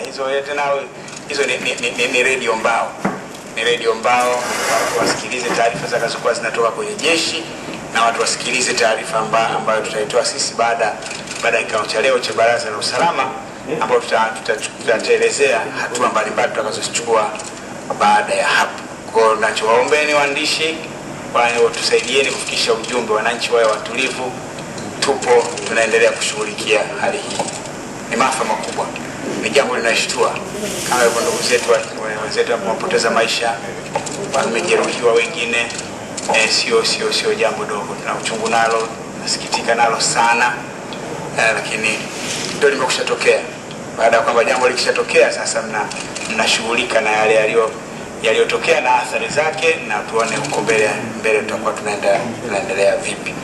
hizo yote nao hizo ni, ni, ni, ni redio mbao, ni redio mbao. Watu wasikilize taarifa zitakazokuwa zinatoka kwenye jeshi na watu wasikilize taarifa ambayo amba tutaitoa sisi baada baada ya kikao cha leo cha Baraza la Usalama, ambayo tutaelezea tuta, tuta hatua mbalimbali tutakazozichukua baada ya hapo. Kwa nachowaombeni waandishi tusaidieni kufikisha ujumbe, wananchi wawe watulivu. Tupo tunaendelea kushughulikia hali hii, ni maafa ni jambo linashtua, kama hivyo ndugu zetu wenzetu wamepoteza maisha, wamejeruhiwa wengine. E, sio sio sio jambo dogo, tuna uchungu nalo, nasikitika nalo sana e, lakini ndio limekushatokea. Baada ya kwamba jambo likishatokea, sasa mnashughulika mna na yale yaliyo yaliyotokea na athari zake, na tuone huko mbele mbele tutakuwa tunaenda tunaendelea vipi.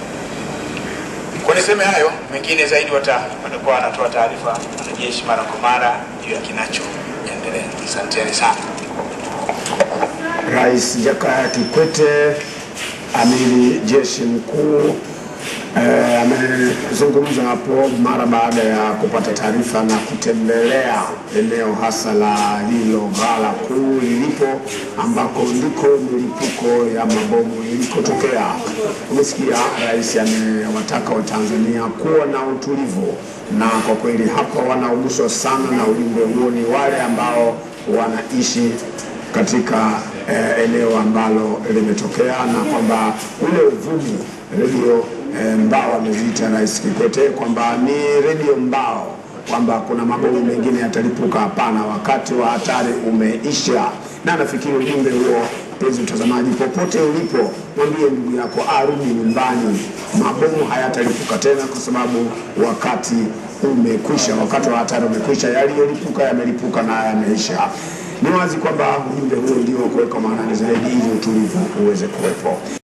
Kwa niseme hayo, mengine zaidi watakuwa wanatoa taarifa jeshi mara kwa mara juu ya kinachoendelea. Asanteni sana. Rais Jakaya Kikwete, amiri jeshi mkuu eh, amezungumza hapo mara baada ya kupata taarifa na kutembelea eneo hasa la hilo ghala kuu lilipo ambako ndiko milipuko ya mabomu ilikotokea. Umesikia rais amewataka Watanzania kuwa na utulivu, na kwa kweli hapa wanaoguswa sana na ujumbe huo ni wale ambao wanaishi katika eh, eneo ambalo limetokea na kwamba ule uvumi redio e, Mbao ameziita Rais Kikwete kwamba ni redio mbao, kwamba kuna mabomu mengine yatalipuka. Hapana, wakati wa hatari umeisha, na nafikiri ujumbe huo mpenzi mtazamaji, popote ulipo, mwambie ndugu yako arudi nyumbani, mabomu hayatalipuka tena, kwa sababu wakati umekwisha, wakati wa hatari umekwisha. Yaliyolipuka yamelipuka na yameisha. Ni wazi kwamba ujumbe huo ndio kuweka maanani zaidi ili utulivu uweze kuwepo.